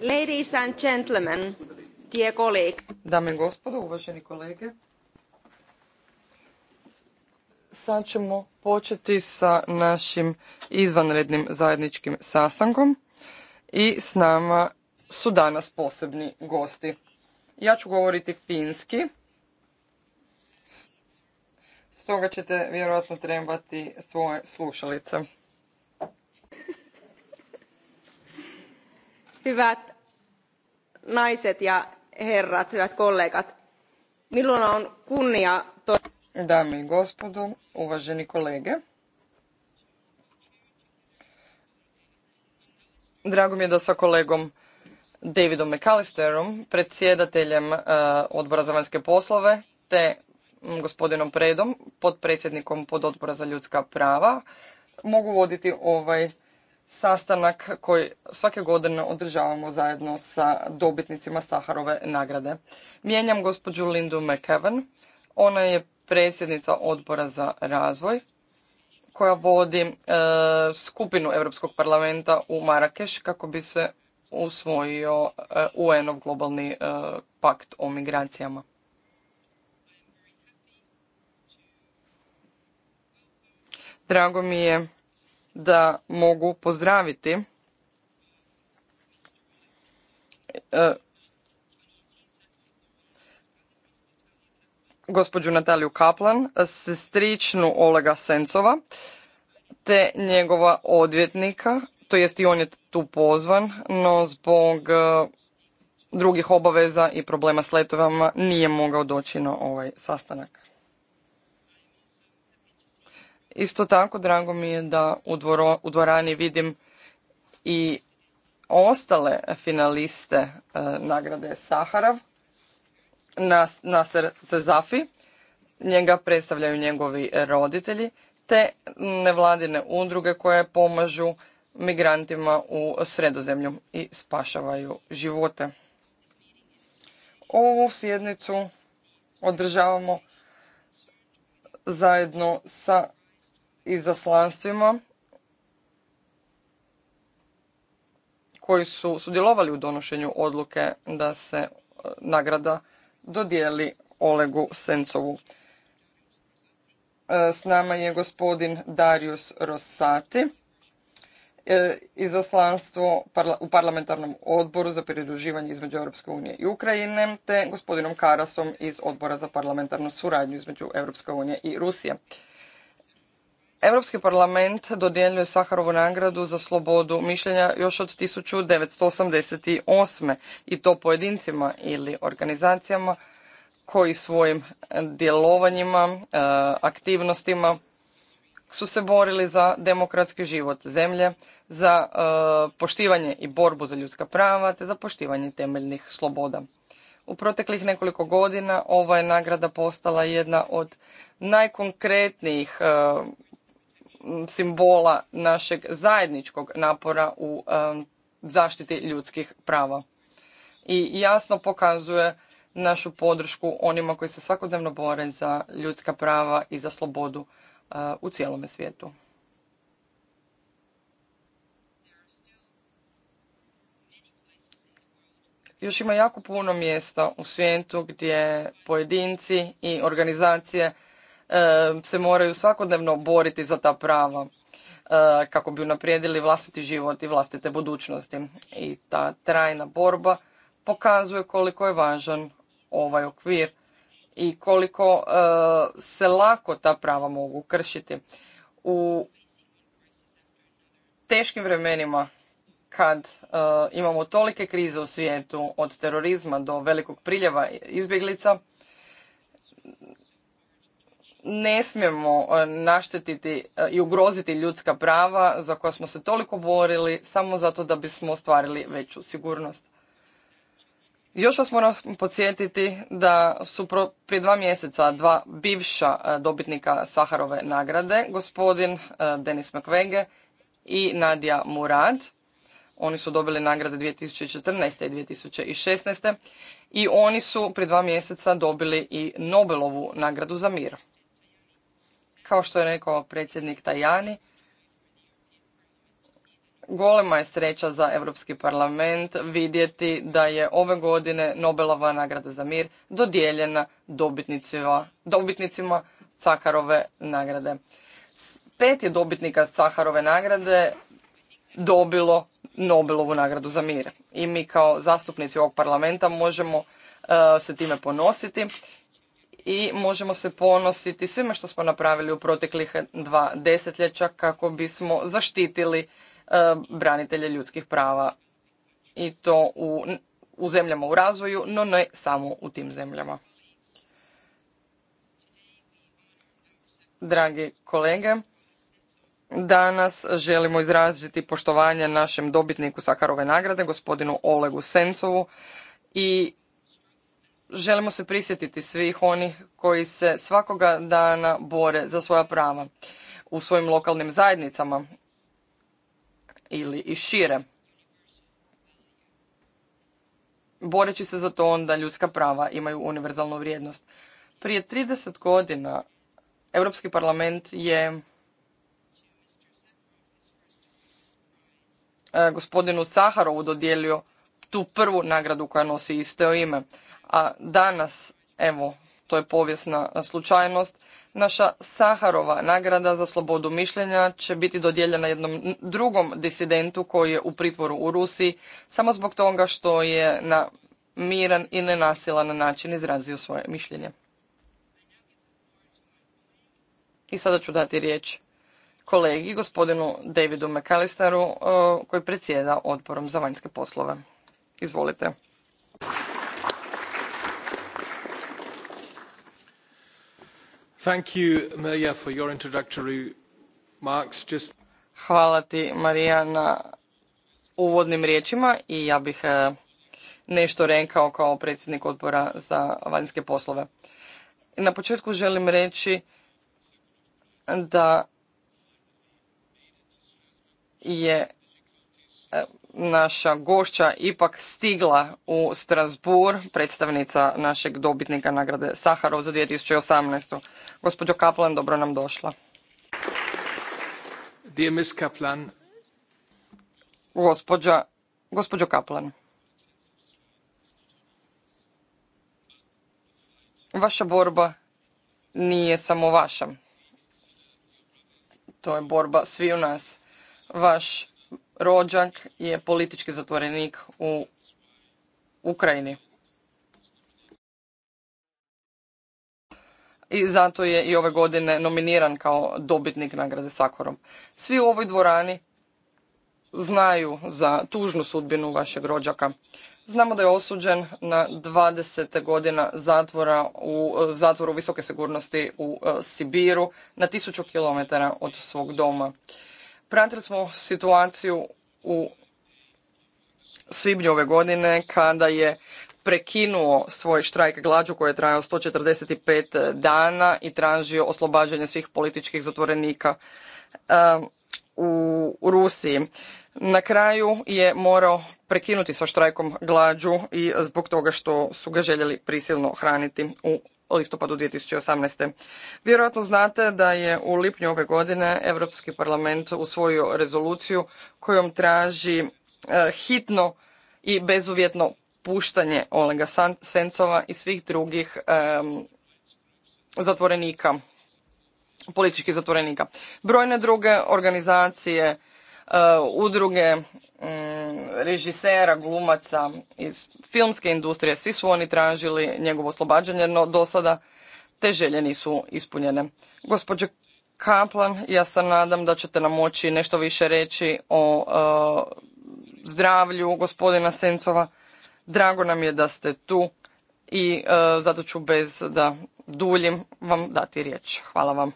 Ladies and gentlemen, Dame i gospodo, uvaženi kolege. Sad ćemo početi sa našim izvanrednim zajedničkim sastankom i s nama su danas posebni gosti. Ja ću govoriti finski, stoga ćete vjerojatno trebati svoje slušalice. Hyvät naiset ja herrat, hyvät kollegat, minulla on kunnia... To... Dame i gospodu, uvaženi kolege, drago mi je da sa kolegom Davidom McAllisterom, predsjedateljem e, odbora za vanjske poslove, te gospodinom Predom, potpredsjednikom Odbora za ljudska prava, mogu voditi ovaj sastanak koji svake godine održavamo zajedno sa dobitnicima Saharove nagrade. Mijenjam gospođu Lindu McEwan. Ona je predsjednica odbora za razvoj koja vodi e, skupinu Europskog parlamenta u Marakeš kako bi se usvojio e, UN-ov globalni e, pakt o migracijama. Drago mi je da mogu pozdraviti e, gospođu Nataliju Kaplan, sestričnu Olega Sencova, te njegova odvjetnika, to jest i on je tu pozvan, no zbog e, drugih obaveza i problema s letovama nije mogao doći na ovaj sastanak. Isto tako drago mi je da u, u dvorani vidim i ostale finaliste e, nagrade Saharav na, na Cezafi. Njega predstavljaju njegovi roditelji te nevladine udruge koje pomažu migrantima u sredozemlju i spašavaju živote. Ovu sjednicu održavamo zajedno sa izaslanstvima koji su sudjelovali u donošenju odluke da se e, nagrada dodijeli Olegu Sencovu. E, s nama je gospodin Darius Rossati, e, izaslanstvo u parlamentarnom odboru za pridruživanje između Europske unije i Ukrajine, te gospodinom Karasom iz odbora za parlamentarnu suradnju između Europske unije i Rusije. Europski parlament dodjeljuje Saharovu nagradu za slobodu mišljenja još od 1988. i to pojedincima ili organizacijama koji svojim djelovanjima, e, aktivnostima su se borili za demokratski život zemlje, za e, poštivanje i borbu za ljudska prava te za poštivanje temeljnih sloboda. U proteklih nekoliko godina ova je nagrada postala jedna od najkonkretnijih e, simbola našeg zajedničkog napora u zaštiti ljudskih prava i jasno pokazuje našu podršku onima koji se svakodnevno bore za ljudska prava i za slobodu eh, u cijelome svijetu. Još ima jako puno mjesta u svijetu gdje pojedinci i organizacije se moraju svakodnevno boriti za ta prava eh, kako bi unaprijedili vlastiti život i vlastite budućnosti. I ta trajna borba pokazuje koliko je važan ovaj okvir i koliko eh, se lako ta prava mogu kršiti. U teškim vremenima kad eh, imamo tolike krize u svijetu od terorizma do velikog priljeva izbjeglica ne smijemo e, naštetiti e, i ugroziti ljudska prava za koja smo se toliko borili samo zato da bismo ostvarili veću sigurnost. Još vas moram podsjetiti da su prije dva mjeseca dva bivša e, dobitnika Saharove nagrade, gospodin Denis mcvege i Nadija Murad. Oni su dobili nagrade 2014. i 2016. I oni su prije dva mjeseca dobili i Nobelovu nagradu za mir. Kao što je rekao predsjednik Tajani, golema je sreća za Europski parlament vidjeti da je ove godine Nobelova nagrada za mir dodijeljena dobitnicima, dobitnicima nagrade. Pet je dobitnika Saharove nagrade dobilo Nobelovu nagradu za mir. I mi kao zastupnici ovog parlamenta možemo eh, se time ponositi i možemo se ponositi svime što smo napravili u proteklih dva desetljeća kako bismo zaštitili e, branitelje ljudskih prava i to u, u zemljama u razvoju, no ne samo u tim zemljama. Dragi kolege, danas želimo izraziti poštovanje našem dobitniku Sakarove nagrade, gospodinu Olegu Sencovu i želimo se prisjetiti svih onih koji se svakoga dana bore za svoja prava u svojim lokalnim zajednicama ili i šire. Boreći se za to onda ljudska prava imaju univerzalnu vrijednost. Prije 30 godina Europski parlament je e, gospodinu Saharovu dodijelio tu prvu nagradu koja nosi isto ime. A danas, evo, to je povijesna slučajnost, naša Saharova nagrada za slobodu mišljenja će biti dodijeljena jednom drugom disidentu koji je u pritvoru u Rusiji samo zbog toga što je na miran i nenasilan način izrazio svoje mišljenje. I sada ću dati riječ kolegi, gospodinu Davidu McAllisteru, koji predsjeda odborom za vanjske poslove. Izvolite. Hvala ti, Marija, na uvodnim riječima i ja bih eh, nešto rekao kao predsjednik odbora za vanjske poslove. Na početku želim reći da je naša gošća ipak stigla u Strasbourg, predstavnica našeg dobitnika nagrade Saharov za 2018. Gospodjo Kaplan, dobro nam došla. Dear Miss Kaplan. gospođo Kaplan. Vaša borba nije samo vaša. To je borba svi u nas. Vaš rođak je politički zatvorenik u Ukrajini. I zato je i ove godine nominiran kao dobitnik nagrade Sakorom. Svi u ovoj dvorani znaju za tužnu sudbinu vašeg rođaka. Znamo da je osuđen na 20 godina zatvora u zatvoru visoke sigurnosti u e, Sibiru na 1000 km od svog doma. Pratili smo situaciju u svibnju ove godine kada je prekinuo svoj štrajk glađu koji je trajao 145 dana i tražio oslobađanje svih političkih zatvorenika u Rusiji. Na kraju je morao prekinuti sa štrajkom glađu i zbog toga što su ga željeli prisilno hraniti u listopadu 2018. Vjerojatno znate da je u lipnju ove godine Europski parlament usvojio rezoluciju kojom traži e, hitno i bezuvjetno puštanje Olega Sencova i svih drugih e, zatvorenika, političkih zatvorenika. Brojne druge organizacije, e, udruge Mm, režisera, glumaca iz filmske industrije, svi su oni tražili njegovo oslobađanje, no do sada te želje nisu ispunjene. Gospođo Kaplan, ja se nadam da ćete nam moći nešto više reći o e, zdravlju gospodina Sencova. Drago nam je da ste tu i e, zato ću bez da duljim vam dati riječ. Hvala vam.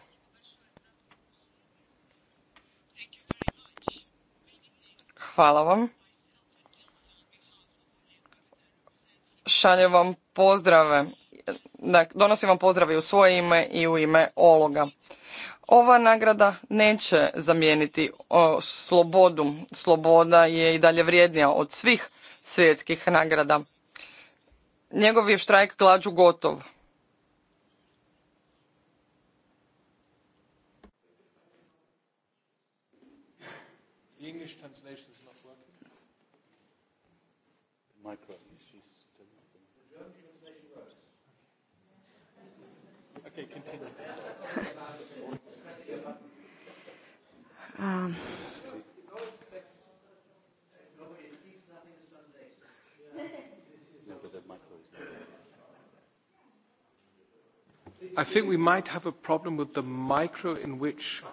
Hvala vam. Šaljem vam pozdrave. Donosim vam pozdrave u svoje ime i u ime Ologa. Ova nagrada neće zamijeniti o, slobodu. Sloboda je i dalje vrijednija od svih svjetskih nagrada. Njegov je štrajk glađu gotov. I think we might have a problem with the micro in which.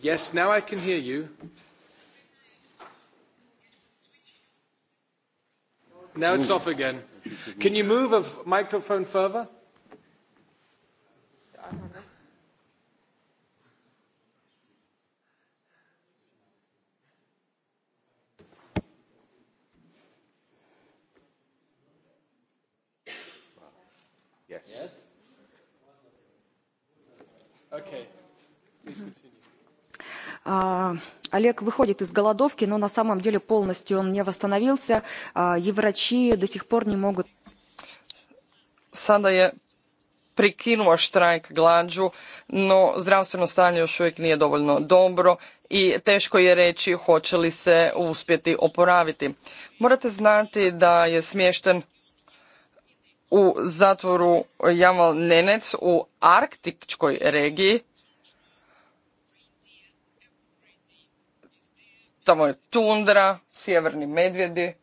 Yes, now I can hear you. Now it's off again. Can you move a microphone further? Yes. Yes. Okay. Please continue. Олег выходит из голодовки, но на самом деле полностью он не восстановился. Еврачи до сих пор не могут... Sada je prekinuo štrajk glađu, no zdravstveno stanje još uvijek nije dovoljno dobro i teško je reći hoće li se uspjeti oporaviti. Morate znati da je smješten u zatvoru Jamal Nenec u arktičkoj regiji. Tamo je tundra, sjeverni medvjedi.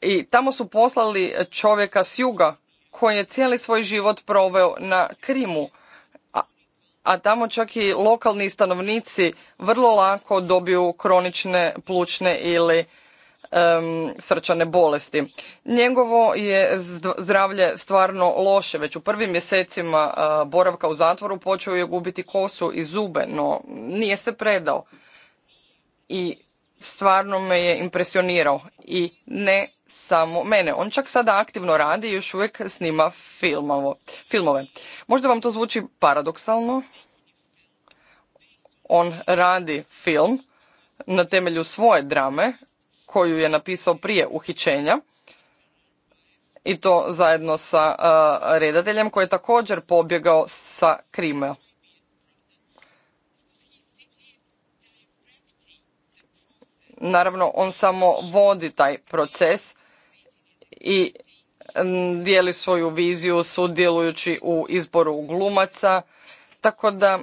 I tamo su poslali čovjeka s juga koji je cijeli svoj život proveo na Krimu. A, a tamo čak i lokalni stanovnici vrlo lako dobiju kronične plućne ili srčane bolesti. Njegovo je zdravlje stvarno loše. Već u prvim mjesecima eh, boravka u zatvoru počeo je gubiti kosu i zube, no nije se predao. I stvarno me je impresionirao. I ne samo mene. On čak sada aktivno radi i još uvijek snima filmove. Možda vam to zvuči paradoksalno. On radi film na temelju svoje drame, koju je napisao prije uhićenja i to zajedno sa e, redateljem koji je također pobjegao sa Krima. Naravno, on samo vodi taj proces i dijeli svoju viziju sudjelujući u izboru glumaca, tako da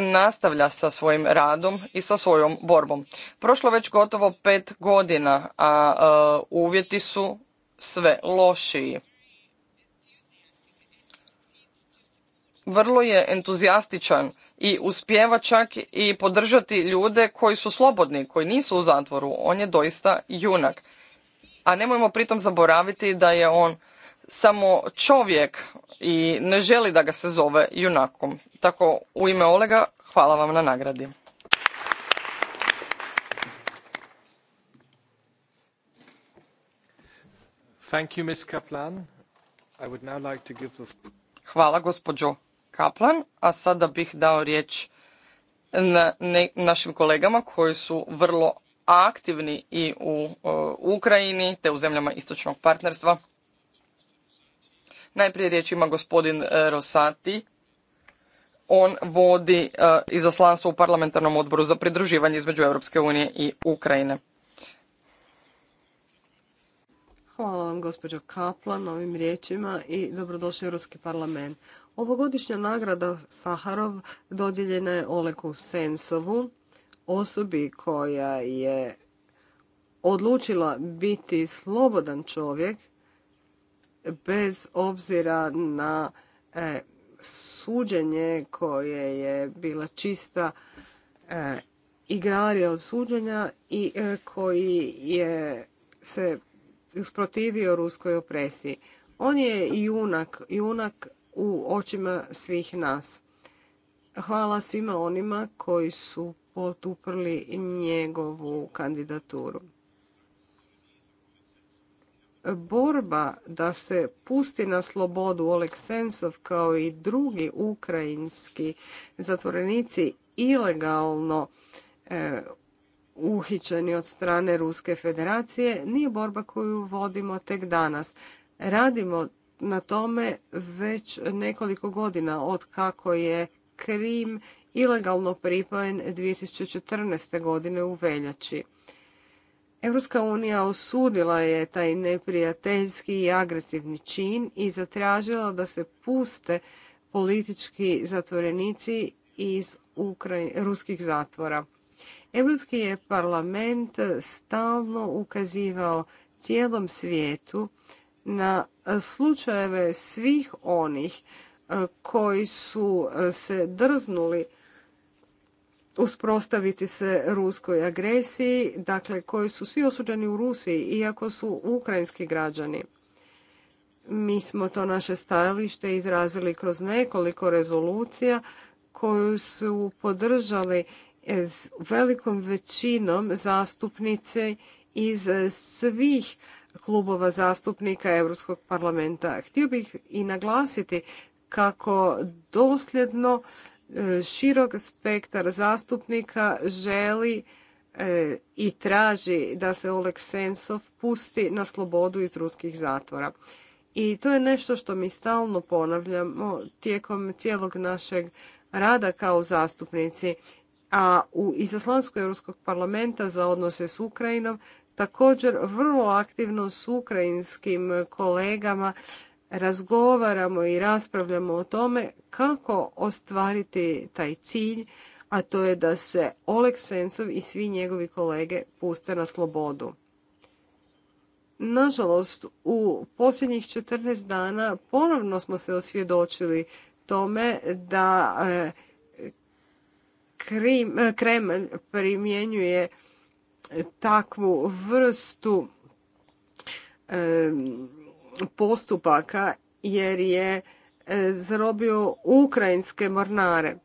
nastavlja sa svojim radom i sa svojom borbom. Prošlo već gotovo pet godina, a e, uvjeti su sve lošiji. Vrlo je entuzijastičan i uspjeva čak i podržati ljude koji su slobodni, koji nisu u zatvoru. On je doista junak. A nemojmo pritom zaboraviti da je on samo čovjek i ne želi da ga se zove junakom. Tako u ime Olega hvala vam na nagradi. Hvala gospođo Kaplan, a sada bih dao riječ na našim kolegama koji su vrlo aktivni i u e, Ukrajini te u zemljama istočnog partnerstva. Najprije riječ ima gospodin e, Rosati. On vodi e, izaslanstvo u parlamentarnom odboru za pridruživanje između Europske unije i Ukrajine. Hvala vam gospođo Kaplan na ovim riječima i dobrodošli u Europski parlament. Ovogodišnja nagrada Saharov dodijeljena je Oleku Sensovu, osobi koja je odlučila biti slobodan čovjek bez obzira na e, suđenje koje je bila čista e, igrarija od suđenja i e, koji je se usprotivio ruskoj opresiji. On je junak, junak u očima svih nas. Hvala svima onima koji su potuprli njegovu kandidaturu borba da se pusti na slobodu Oleg Sensov kao i drugi ukrajinski zatvorenici ilegalno e, uhićeni od strane Ruske federacije nije borba koju vodimo tek danas. Radimo na tome već nekoliko godina od kako je Krim ilegalno pripojen 2014. godine u veljači. Europska unija osudila je taj neprijateljski i agresivni čin i zatražila da se puste politički zatvorenici iz ruskih zatvora. Europski je parlament stalno ukazivao cijelom svijetu na slučajeve svih onih eh, koji su eh, se drznuli usprostaviti se ruskoj agresiji, dakle koji su svi osuđeni u Rusiji, iako su ukrajinski građani. Mi smo to naše stajalište izrazili kroz nekoliko rezolucija koju su podržali s velikom većinom zastupnice iz svih klubova zastupnika Europskog parlamenta. Htio bih i naglasiti kako dosljedno širok spektar zastupnika želi e, i traži da se Oleg Sensov pusti na slobodu iz ruskih zatvora. I to je nešto što mi stalno ponavljamo tijekom cijelog našeg rada kao zastupnici. A u Izaslansku Europskog parlamenta za odnose s Ukrajinom također vrlo aktivno s ukrajinskim kolegama razgovaramo i raspravljamo o tome kako ostvariti taj cilj, a to je da se Oleg Sencov i svi njegovi kolege puste na slobodu. Nažalost, u posljednjih 14 dana ponovno smo se osvjedočili tome da e, Kremlj primjenjuje takvu vrstu e, postupaka jer je e, zarobio ukrajinske mornare.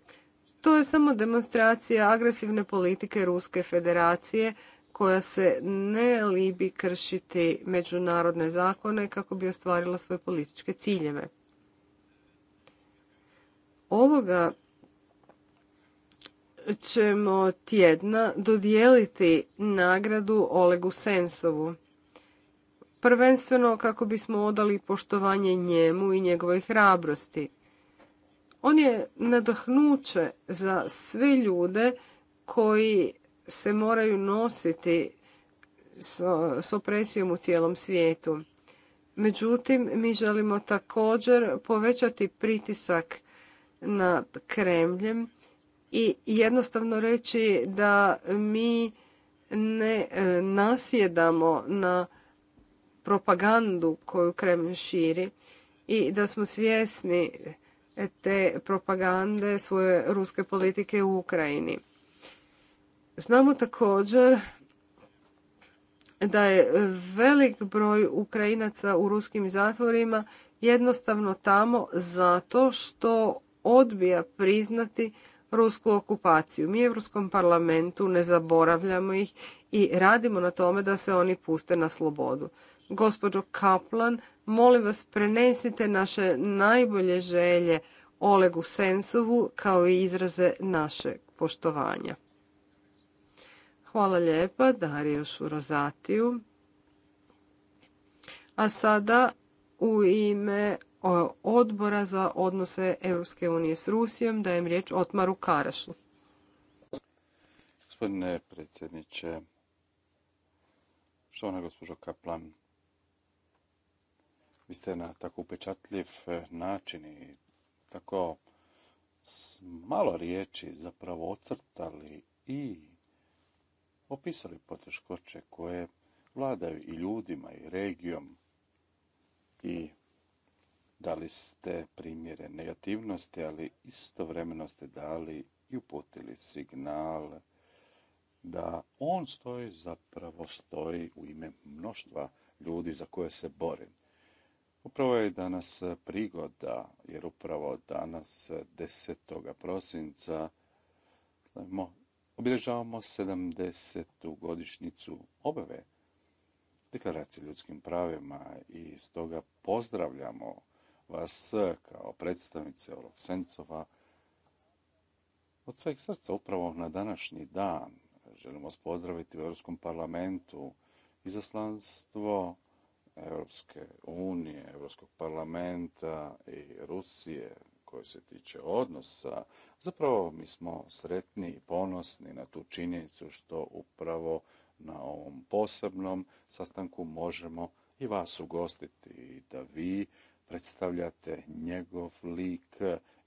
To je samo demonstracija agresivne politike Ruske federacije koja se ne libi kršiti međunarodne zakone kako bi ostvarila svoje političke ciljeve. Ovoga ćemo tjedna dodijeliti nagradu Olegu Sensovu prvenstveno kako bismo odali poštovanje njemu i njegovoj hrabrosti. On je nadahnuće za sve ljude koji se moraju nositi s opresijom u cijelom svijetu. Međutim, mi želimo također povećati pritisak nad Kremljem i jednostavno reći da mi ne e, nasjedamo na propagandu koju Kremlj širi i da smo svjesni te propagande svoje ruske politike u Ukrajini. Znamo također da je velik broj Ukrajinaca u ruskim zatvorima jednostavno tamo zato što odbija priznati rusku okupaciju. Mi u Europskom parlamentu ne zaboravljamo ih i radimo na tome da se oni puste na slobodu. Gospođo Kaplan, molim vas prenesite naše najbolje želje Olegu Sensovu kao i izraze našeg poštovanja. Hvala lijepa Dario Šurozatiju. A sada u ime odbora za odnose Europske unije s Rusijom dajem riječ Otmaru Karašu. Gospodine predsjedniče, štovana gospođo Kaplan, vi ste na tako upečatljiv e, način i tako s malo riječi zapravo ocrtali i opisali poteškoće koje vladaju i ljudima i regijom i dali ste primjere negativnosti, ali istovremeno ste dali i uputili signal da on stoji zapravo stoji u ime mnoštva ljudi za koje se borim. Upravo je danas e, prigoda, jer upravo danas 10. E, prosinca obilježavamo 70. godišnicu obave deklaracije ljudskim pravima i stoga pozdravljamo vas e, kao predstavnice ovog Sencova od sveg srca upravo na današnji dan. Želimo vas pozdraviti u Europskom parlamentu, izaslanstvo Europske unije, Europskog parlamenta i Rusije koje se tiče odnosa, zapravo mi smo sretni i ponosni na tu činjenicu što upravo na ovom posebnom sastanku možemo i vas ugostiti i da vi predstavljate njegov lik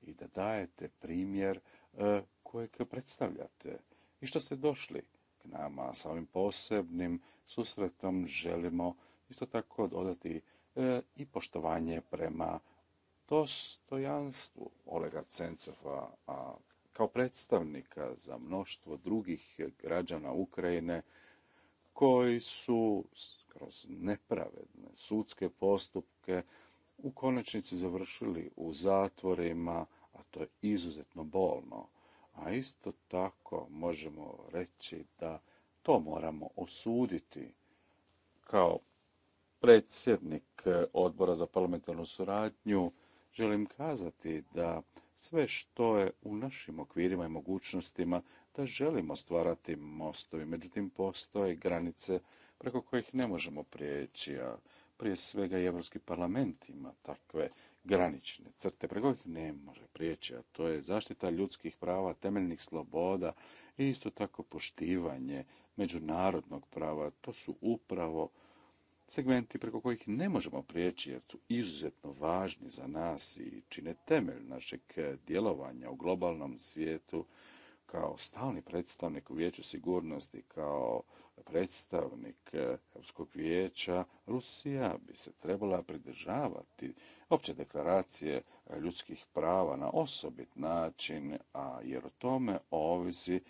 i da dajete primjer e, kojeg predstavljate. I što ste došli k nama sa ovim posebnim susretom želimo isto tako dodati e, i poštovanje prema dostojanstvu Olega Cencova, a kao predstavnika za mnoštvo drugih građana Ukrajine koji su kroz nepravedne sudske postupke u konačnici završili u zatvorima, a to je izuzetno bolno. A isto tako možemo reći da to moramo osuditi kao predsjednik e, odbora za parlamentarnu suradnju, želim kazati da sve što je u našim okvirima i mogućnostima da želimo stvarati mostovi, međutim postoje granice preko kojih ne možemo prijeći, a prije svega i Europski parlament ima takve granične crte preko kojih ne može prijeći, a to je zaštita ljudskih prava, temeljnih sloboda i isto tako poštivanje međunarodnog prava. To su upravo segmenti preko kojih ne možemo prijeći jer su izuzetno važni za nas i čine temelj našeg djelovanja u globalnom svijetu kao stalni predstavnik u Vijeću sigurnosti, kao predstavnik e, Europskog vijeća, Rusija bi se trebala pridržavati opće deklaracije ljudskih prava na osobit način, a jer o tome ovisi e,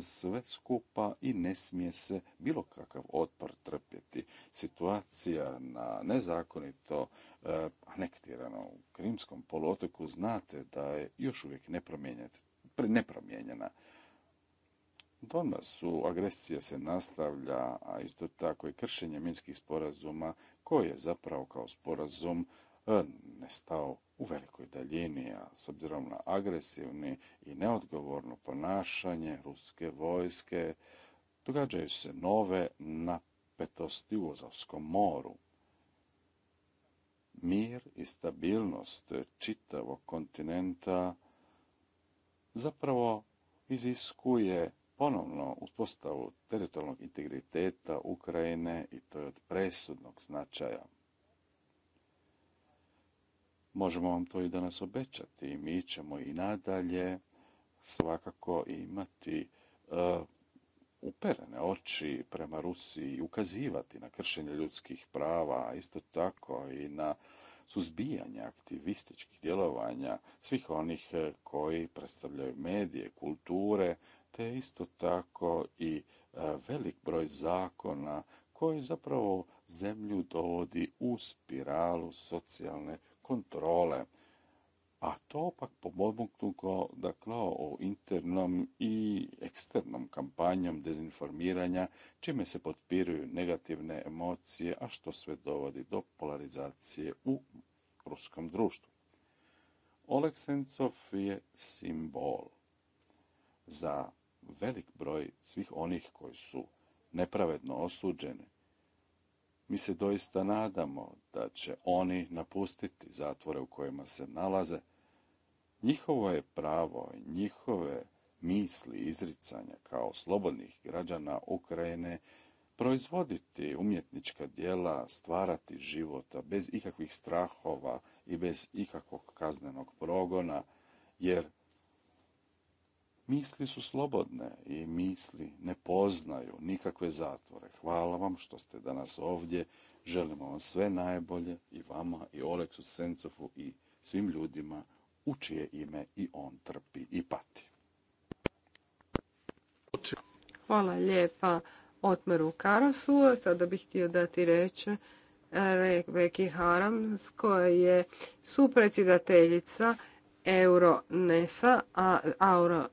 sve skupa i ne smije se bilo kakav otpor trpjeti. Situacija na nezakonito e, u Krimskom poluotoku znate da je još uvijek nepromijenjena nepromijenjena. Donas su, agresija se nastavlja, a isto tako i kršenje minskih sporazuma koji je zapravo kao sporazum e, nestao u velikoj daljini, a s obzirom na agresivni i neodgovorno ponašanje ruske vojske, događaju se nove napetosti u Ozavskom moru. Mir i stabilnost čitavog kontinenta zapravo iziskuje ponovno uspostavu teritorijalnog integriteta Ukrajine i to je od presudnog značaja. Možemo vam to i danas obećati. i Mi ćemo i nadalje svakako imati uh, uperene oči prema Rusiji i ukazivati na kršenje ljudskih prava, isto tako i na suzbijanja aktivističkih djelovanja svih onih e, koji predstavljaju medije, kulture, te isto tako i e, velik broj zakona koji zapravo zemlju dovodi u spiralu socijalne kontrole. A to pak pomognuto dakle, o internom i eksternom kampanjom dezinformiranja, čime se potpiruju negativne emocije, a što sve dovodi do polarizacije u ruskom društvu. Oleg Sencov je simbol za velik broj svih onih koji su nepravedno osuđeni. Mi se doista nadamo da će oni napustiti zatvore u kojima se nalaze. Njihovo je pravo, njihove misli, izricanja kao slobodnih građana Ukrajine proizvoditi umjetnička djela, stvarati života bez ikakvih strahova i bez ikakvog kaznenog progona, jer misli su slobodne i misli ne poznaju nikakve zatvore. Hvala vam što ste danas ovdje. Želimo vam sve najbolje i vama i Oleksu Sencofu i svim ljudima u čije ime i on trpi i pati. Hvala lijepa. Otmaru Karasu. Sada bih htio dati reč e, Rebeki Harams koja je supredsjedateljica Euronesa, a Euro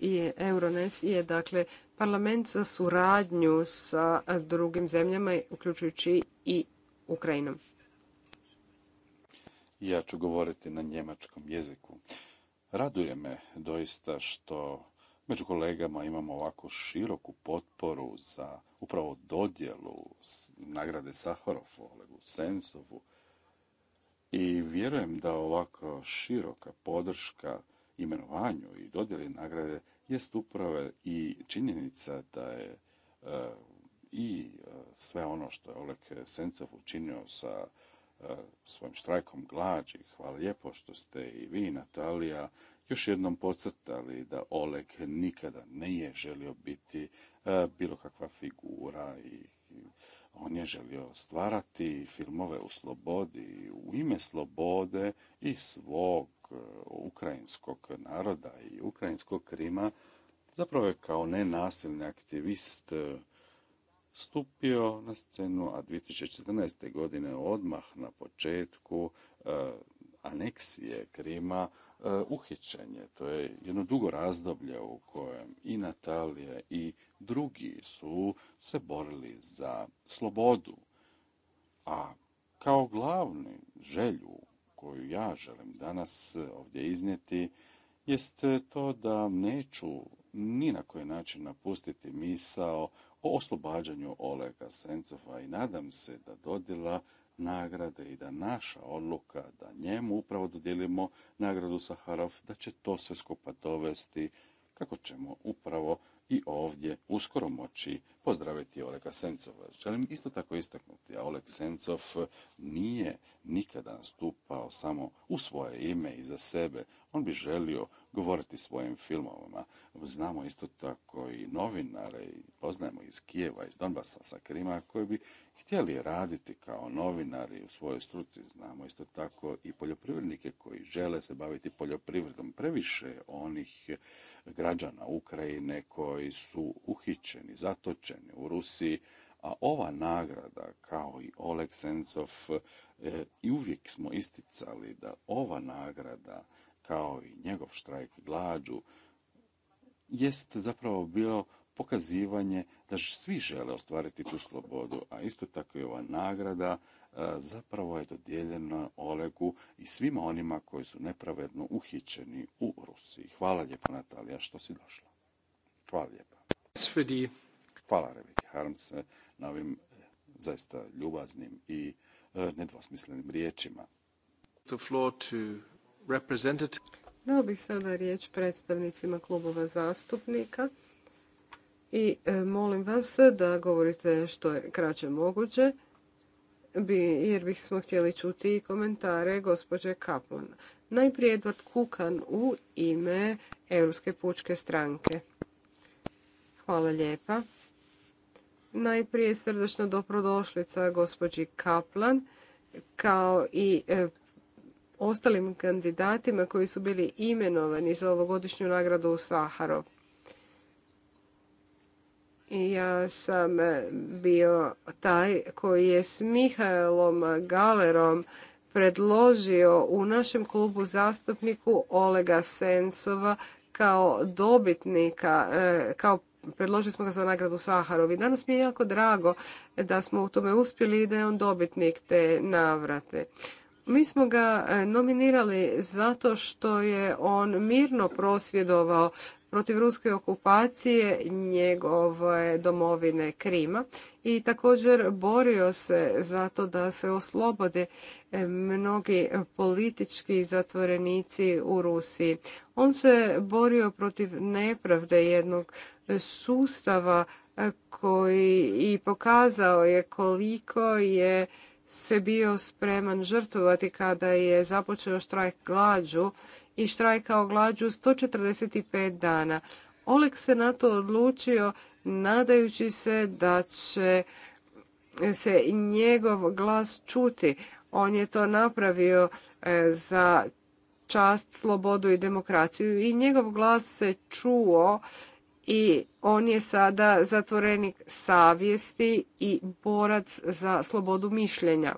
i Eurones je dakle parlament za suradnju sa drugim zemljama, uključujući i Ukrajinom. Ja ću govoriti na njemačkom jeziku. Raduje me doista što Među kolegama imamo ovako široku potporu za upravo dodjelu nagrade Saharov Olegu sensovu I vjerujem da ovako široka podrška imenovanju i dodjeli nagrade jest upravo i činjenica da je e, i e, sve ono što je Oleg Sencov učinio sa e, svojim štrajkom glađi. Hvala lijepo što ste i vi, Natalija, još jednom podcrtali da Oleg nikada nije želio biti e, bilo kakva figura i on je želio stvarati filmove u slobodi, u ime slobode i svog e, ukrajinskog naroda i ukrajinskog Krima, zapravo je kao nenasilni aktivist e, stupio na scenu, a 2014. godine odmah na početku aneksije Krima E, uhićenje. To je jedno dugo razdoblje u kojem i Natalija i drugi su se borili za slobodu. A kao glavni želju koju ja želim danas ovdje iznijeti jest to da neću ni na koji način napustiti misao o oslobađanju Olega Sencova i nadam se da dodila nagrade i da naša odluka da njemu upravo dodijelimo nagradu Saharov, da će to sve skupa dovesti kako ćemo upravo i ovdje uskoro moći pozdraviti Olega Sencova. Želim isto tako istaknuti, a Oleg Sencov nije nikada nastupao samo u svoje ime i za sebe. On bi želio govoriti svojim filmovima. Znamo isto tako i novinare, poznajemo iz Kijeva, iz Donbasa, sa Krima, koji bi htjeli raditi kao novinari u svojoj struci. Znamo isto tako i poljoprivrednike koji žele se baviti poljoprivredom. Previše onih građana Ukrajine koji su uhićeni, zatočeni u Rusiji, a ova nagrada, kao i Oleg Sencov, e, i uvijek smo isticali da ova nagrada kao i njegov štrajk glađu, jest zapravo bilo pokazivanje da svi žele ostvariti tu slobodu, a isto tako i ova nagrada e, zapravo je dodijeljena Olegu i svima onima koji su nepravedno uhićeni u Rusiji. Hvala lijepo Natalija što si došla. Hvala lijepa. Hvala Rebeki se na ovim e, zaista ljubaznim i e, nedvosmislenim riječima. The Dao bih sada riječ predstavnicima klubova zastupnika i e, molim vas da govorite što je kraće moguće jer bih smo htjeli čuti i komentare gospođe Kaplan. Najprije Edward Kukan u ime Europske pučke stranke. Hvala lijepa. Najprije srdačna dobrodošlica gospođi Kaplan kao i e, ostalim kandidatima koji su bili imenovani za ovogodišnju nagradu u Saharov. Ja sam bio taj koji je s Mihajlom Galerom predložio u našem klubu zastupniku Olega Sensova kao dobitnika, e, kao predložili smo ga za nagradu Saharov i danas mi je jako drago da smo u tome uspjeli i da je on dobitnik te navrate. Mi smo ga e, nominirali zato što je on mirno prosvjedovao protiv ruske okupacije njegove domovine Krima i također borio se za to da se oslobode e, mnogi politički zatvorenici u Rusiji. On se borio protiv nepravde jednog sustava e, koji i pokazao je koliko je se bio spreman žrtvovati kada je započeo štrajk glađu i štrajkao glađu 145 dana. Oleg se na to odlučio nadajući se da će se njegov glas čuti. On je to napravio e, za čast, slobodu i demokraciju i njegov glas se čuo i on je sada zatvorenik savjesti i borac za slobodu mišljenja.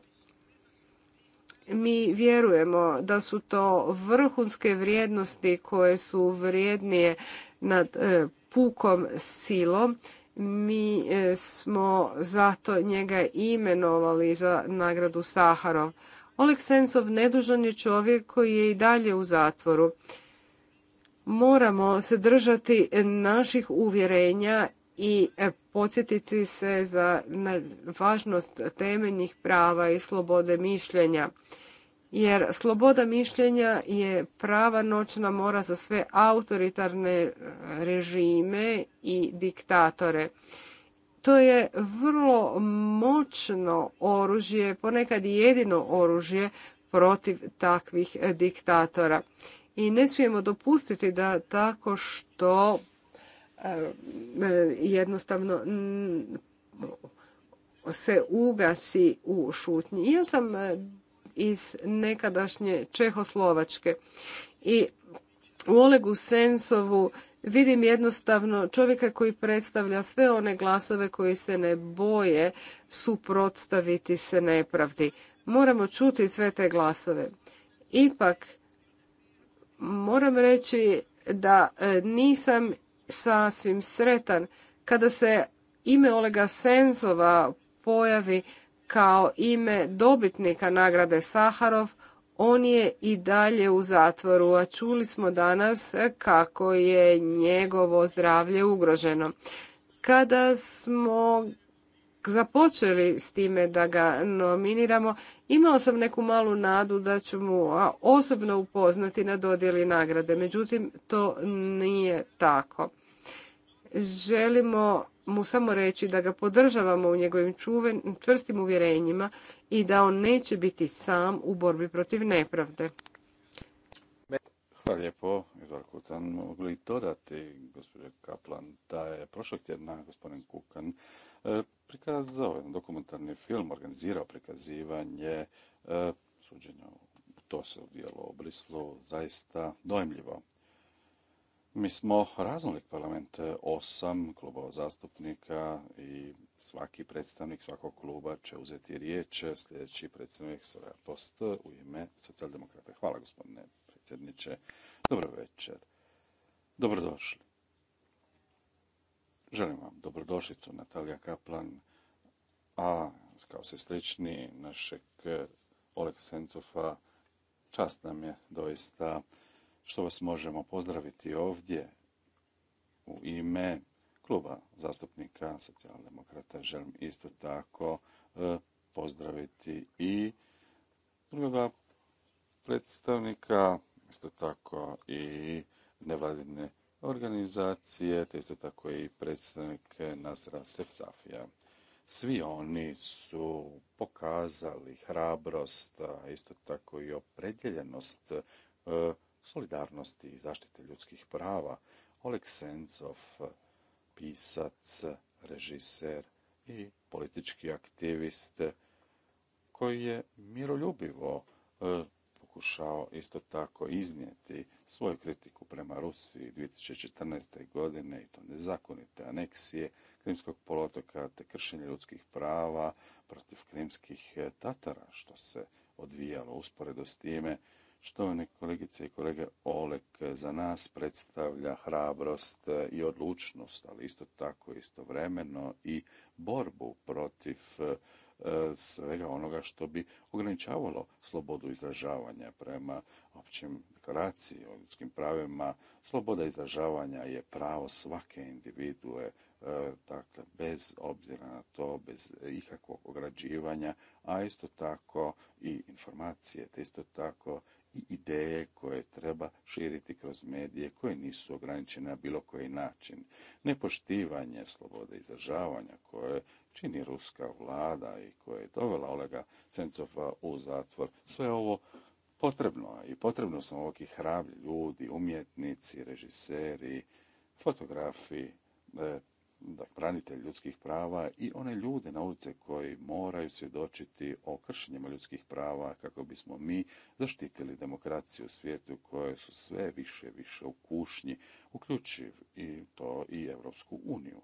Mi vjerujemo da su to vrhunske vrijednosti koje su vrijednije nad e, pukom silom. Mi e, smo zato njega imenovali za nagradu Saharov. Oleg Sensov nedužan je čovjek koji je i dalje u zatvoru moramo se držati naših uvjerenja i podsjetiti se za važnost temeljnih prava i slobode mišljenja. Jer sloboda mišljenja je prava noćna mora za sve autoritarne režime i diktatore. To je vrlo moćno oružje, ponekad jedino oružje protiv takvih diktatora i ne smijemo dopustiti da tako što e, jednostavno se ugasi u šutnji. Ja sam e, iz nekadašnje Čehoslovačke i u Olegu Sensovu vidim jednostavno čovjeka koji predstavlja sve one glasove koji se ne boje suprotstaviti se nepravdi. Moramo čuti sve te glasove. Ipak Moram reći da e, nisam sasvim sretan kada se ime Olega Senzova pojavi kao ime dobitnika nagrade Saharov, on je i dalje u zatvoru, a čuli smo danas kako je njegovo zdravlje ugroženo. Kada smo započeli s time da ga nominiramo, imao sam neku malu nadu da ću mu osobno upoznati na dodjeli nagrade. Međutim, to nije tako. Želimo mu samo reći da ga podržavamo u njegovim čvrstim uvjerenjima i da on neće biti sam u borbi protiv nepravde. Hvala lijepo, Igor Kucan. Mogli dodati, gospođa Kaplan, da je prošlog tjedna gospodin Kukan E, prikazao jedan dokumentarni film, organizirao prikazivanje e, suđenja to se odvijalo u Brislu, zaista dojmljivo, Mi smo raznolik parlament, e, osam klubova zastupnika i svaki predstavnik svakog kluba će uzeti riječ. Sljedeći predstavnik Soraya Post u ime socijaldemokrata. Hvala gospodine predsjedniče. Dobro večer. Dobrodošli. Želim vam dobrodošlicu, Natalija Kaplan, a kao se slični našeg e, Oleg Sencofa, čast nam je doista što vas možemo pozdraviti ovdje u ime kluba zastupnika socijaldemokrata. Želim isto tako e, pozdraviti i drugoga predstavnika, isto tako i nevladine organizacije, te isto tako i predstavnik Nazra Sefzafija. Svi oni su pokazali hrabrost, a isto tako i opredjeljenost e, solidarnosti i zaštite ljudskih prava. Oleg Sencov, pisac, režiser i politički aktivist koji je miroljubivo e, pokušao isto tako iznijeti svoju kritiku prema Rusiji 2014. godine i to nezakonite aneksije Krimskog polotoka te kršenje ljudskih prava protiv krimskih e, tatara što se odvijalo usporedo s time Štovane kolegice i kolege, Olek e, za nas predstavlja hrabrost e, i odlučnost, ali isto tako istovremeno i borbu protiv svega onoga što bi ograničavalo slobodu izražavanja prema općim deklaraciji o ljudskim pravima. Sloboda izražavanja je pravo svake individue, e, dakle, bez obzira na to, bez ikakvog ograđivanja, a isto tako i informacije, te isto tako i ideje koje treba širiti kroz medije koje nisu ograničene na bilo koji način. Nepoštivanje slobode izražavanja koje čini ruska vlada i koja je dovela Olega Sencova u zatvor. Sve ovo potrebno i potrebno su ovakvi hrabri ljudi, umjetnici, režiseri, fotografi, e, branitelj ljudskih prava i one ljude na ulice koji moraju svjedočiti o kršenjima ljudskih prava kako bismo mi zaštitili demokraciju u svijetu koje su sve više i više u kušnji, uključiv i to i Europsku uniju.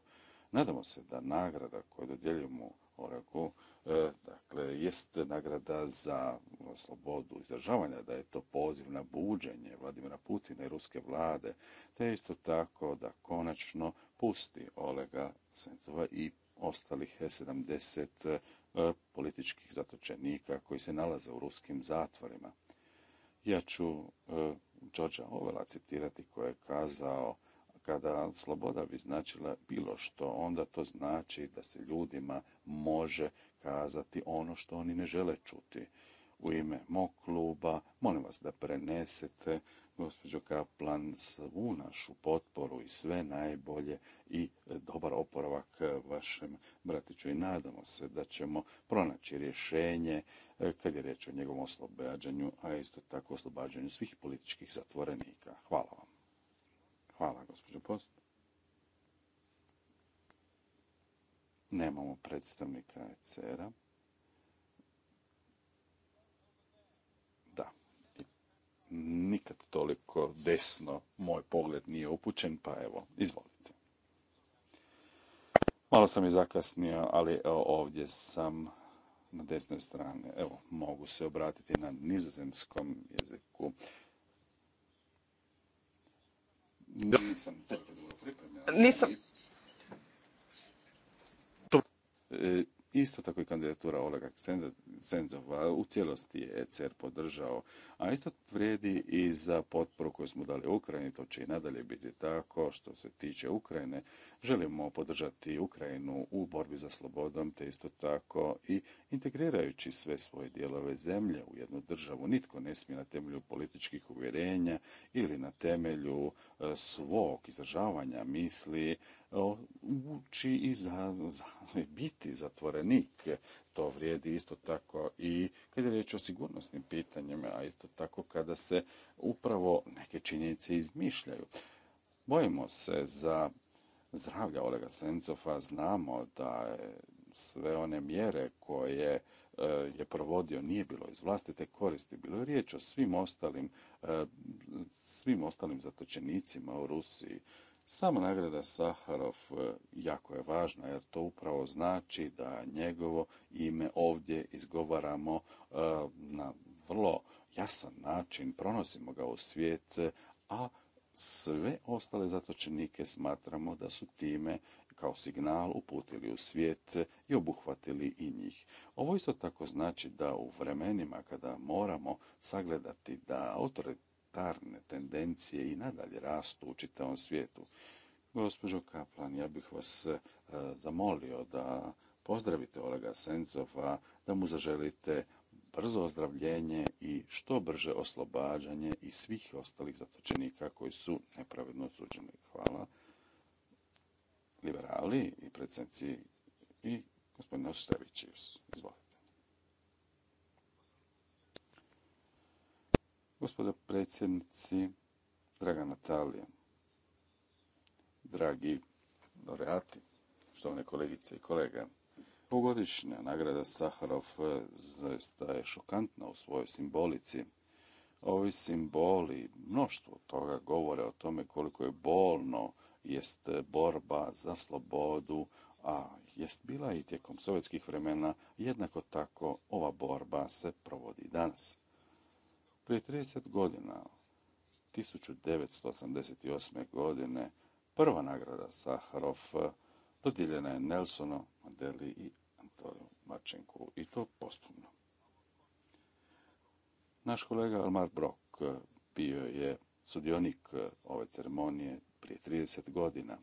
Nadamo se da nagrada koju dodjeljujemo Oraku, e, dakle, jest nagrada za ono, slobodu izražavanja, da je to poziv na buđenje Vladimira Putina i ruske vlade, te isto tako da konačno pusti Olega Sencova i ostalih 70 e, političkih zatočenika koji se nalaze u ruskim zatvorima. Ja ću e, Đorđa Ovela citirati koji je kazao kada sloboda bi značila bilo što, onda to znači da se ljudima može kazati ono što oni ne žele čuti. U ime mog kluba, molim vas da prenesete, gospođo Kaplan, svu našu potporu i sve najbolje i dobar oporavak vašem bratiću i nadamo se da ćemo pronaći rješenje e, kad je riječ o njegovom oslobađanju, a isto tako oslobađanju svih političkih zatvorenika. Hvala vam. Hvala, gospođo Post. Nemamo predstavnika ECR-a. Da. Nikad toliko desno moj pogled nije upućen, pa evo, izvolite. Malo sam i zakasnio, ali ovdje sam na desnoj strani. Evo, mogu se obratiti na nizozemskom jeziku. Nisam dobro pripremljena. Nisam. E, Isto tako i kandidatura Olega Senzova u cijelosti je ECR podržao, a isto vrijedi i za potporu koju smo dali Ukrajini, to će i nadalje biti tako. Što se tiče Ukrajine, želimo podržati Ukrajinu u borbi za slobodom, te isto tako i integrirajući sve svoje dijelove zemlje u jednu državu. Nitko ne smije na temelju političkih uvjerenja ili na temelju e, svog izražavanja misli uči i za, za, biti zatvorenik. To vrijedi isto tako i kada je riječ o sigurnosnim pitanjima, a isto tako kada se upravo neke činjenice izmišljaju. Bojimo se za zdravlja Olega Sencova, znamo da sve one mjere koje e, je provodio nije bilo iz vlastite koristi. Bilo je riječ o svim ostalim, e, svim ostalim zatočenicima u Rusiji. Sama nagrada Saharov e, jako je važna jer to upravo znači da njegovo ime ovdje izgovaramo e, na vrlo jasan način, pronosimo ga u svijet, a sve ostale zatočenike smatramo da su time kao signal uputili u svijet i obuhvatili i njih. Ovo isto tako znači da u vremenima kada moramo sagledati da autoritet tarne tendencije i nadalje rastu u čitavom svijetu. Gospođo Kaplan, ja bih vas e, zamolio da pozdravite Olega Sencova, da mu zaželite brzo ozdravljenje i što brže oslobađanje i svih ostalih zatočenika koji su nepravedno osuđeni. Hvala. Liberali i predsjednici i gospodin Ostrević. Izvolite. Gospodo predsjednici, draga Natalija, dragi Doreati, štovane kolegice i kolega, Pogodišnja nagrada Saharov zaista je šokantna u svojoj simbolici. Ovi simboli, mnoštvo toga govore o tome koliko je bolno jest borba za slobodu, a jest bila i tijekom sovjetskih vremena, jednako tako ova borba se provodi danas. Prije 30 godina, 1988. godine, prva nagrada Saharov dodijeljena je Nelsonu, Mandeli i Antoniju Marčinku i to postupno. Naš kolega Almar Brok bio je sudionik ove ceremonije prije 30 godina.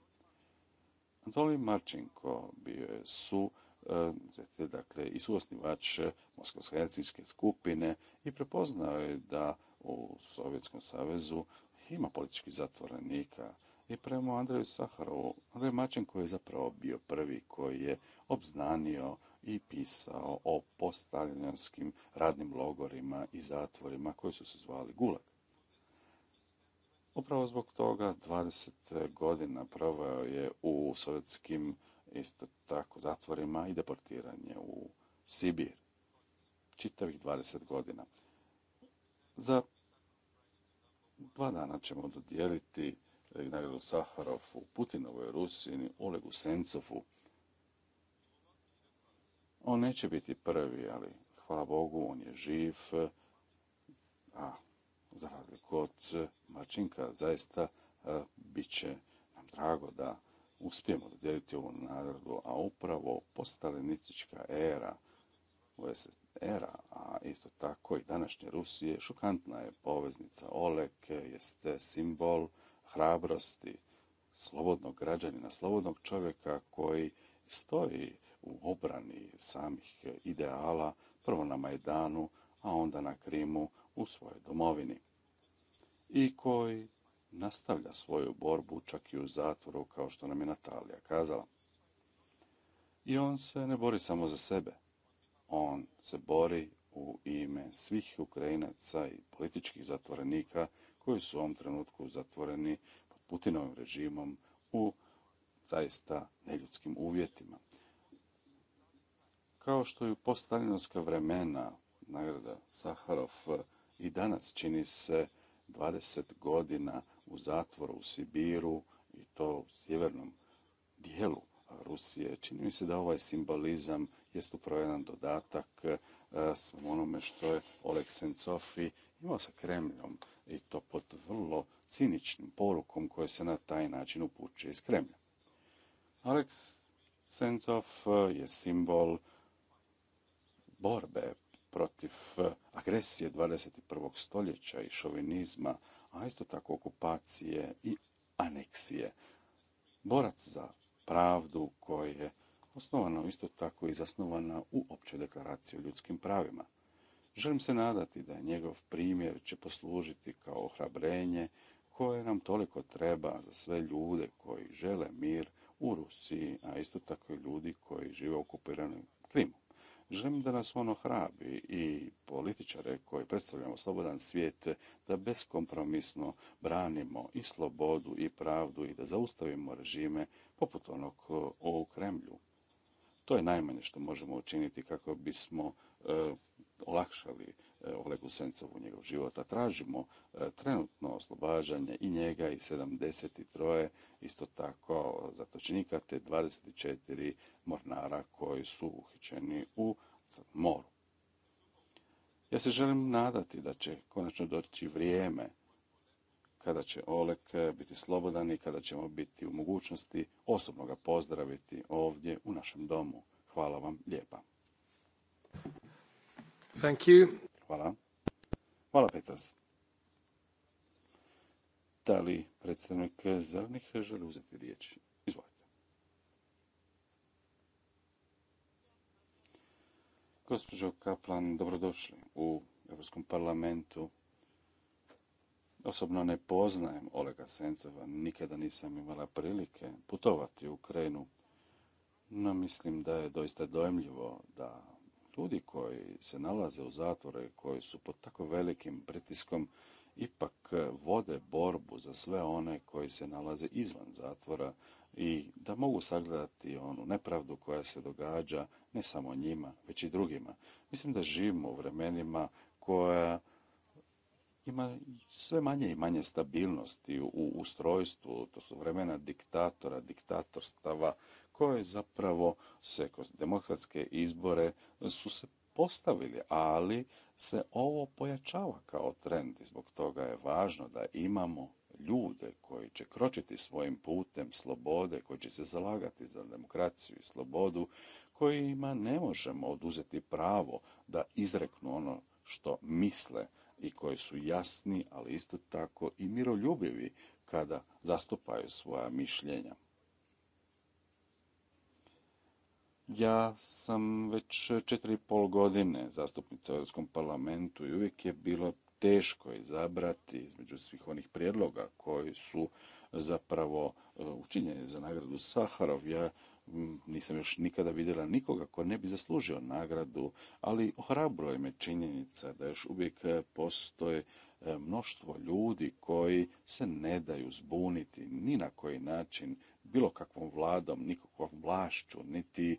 Antoni Marčenko bio je su E, dakle i suosnivač Moskovsko-Helsinske skupine i prepoznao je da u Sovjetskom savezu ima političkih zatvorenika i prema Andreju Saharovu, Andrej Mačenko je zapravo bio prvi koji je obznanio i pisao o postaljanskim radnim logorima i zatvorima koji su se zvali Gulag. Upravo zbog toga 20 godina proveo je u sovjetskim isto tako zatvorima i deportiranje u Sibir. Čitavih 20 godina. Za dva dana ćemo dodijeliti nagradu Saharovu, Putinovoj Rusini, Olegu Sencovu. On neće biti prvi, ali hvala Bogu, on je živ. A za razliku od Marčinka, zaista bit će nam drago da uspijemo dodijeliti ovu nagradu, a upravo postalinistička era, era, a isto tako i današnje Rusije, šokantna je poveznica Oleke, jeste simbol hrabrosti slobodnog građanina, slobodnog čovjeka koji stoji u obrani samih ideala, prvo na Majdanu, a onda na Krimu u svojoj domovini i koji nastavlja svoju borbu čak i u zatvoru, kao što nam je Natalija kazala. I on se ne bori samo za sebe. On se bori u ime svih Ukrajinaca i političkih zatvorenika koji su u ovom trenutku zatvoreni pod Putinovim režimom u zaista neljudskim uvjetima. Kao što je u vremena nagrada Saharov i danas čini se 20 godina u zatvoru u Sibiru i to u sjevernom dijelu Rusije. Čini mi se da ovaj simbolizam jest upravo jedan dodatak e, svom onome što je Oleg i imao sa Kremljom i to pod vrlo ciničnim porukom koje se na taj način upućuje iz Kremlja. Oleg Sencov e, je simbol borbe protiv e, agresije 21. stoljeća i šovinizma a isto tako okupacije i aneksije. Borac za pravdu koji je osnovano isto tako i zasnovana u općoj deklaraciji o ljudskim pravima. Želim se nadati da njegov primjer će poslužiti kao ohrabrenje koje nam toliko treba za sve ljude koji žele mir u Rusiji, a isto tako i ljudi koji žive u okupiranom Krimu. Želim da nas ono hrabi i političare koji predstavljamo slobodan svijet, da beskompromisno branimo i slobodu i pravdu i da zaustavimo režime poput onog o e, Kremlju. To je najmanje što možemo učiniti kako bismo e, olakšali E, Olegu Sencovu njegov život, a tražimo e, trenutno oslobađanje i njega i 73 isto tako zatočenika te 24 mornara koji su uhićeni u moru. Ja se želim nadati da će konačno doći vrijeme kada će Oleg e, biti slobodan i kada ćemo biti u mogućnosti osobno ga pozdraviti ovdje u našem domu. Hvala vam lijepa. Thank you. Hvala. Hvala, Petras. Da li predstavnik zelenih želi uzeti riječ? Izvolite. Gospođo Kaplan, dobrodošli u Europskom parlamentu. Osobno ne poznajem Olega Sencova, nikada nisam imala prilike putovati u Ukrajinu, no mislim da je doista dojemljivo da ljudi koji se nalaze u zatvore, koji su pod tako velikim pritiskom, ipak e, vode borbu za sve one koji se nalaze izvan zatvora i da mogu sagledati onu nepravdu koja se događa ne samo njima, već i drugima. Mislim da živimo u vremenima koja ima sve manje i manje stabilnosti u ustrojstvu. To su vremena diktatora, diktatorstava koje zapravo se kroz demokratske izbore su se postavili, ali se ovo pojačava kao trend i zbog toga je važno da imamo ljude koji će kročiti svojim putem slobode, koji će se zalagati za demokraciju i slobodu, kojima ne možemo oduzeti pravo da izreknu ono što misle i koji su jasni, ali isto tako i miroljubivi kada zastupaju svoja mišljenja. Ja sam već četiri i pol godine zastupnica u Europskom parlamentu i uvijek je bilo teško izabrati između svih onih prijedloga koji su zapravo e, učinjeni za nagradu Saharov. Ja nisam još nikada vidjela nikoga ko ne bi zaslužio nagradu, ali je me činjenica da još uvijek e, postoje e, mnoštvo ljudi koji se ne daju zbuniti ni na koji način, bilo kakvom vladom, nikakvom vlašću, niti e,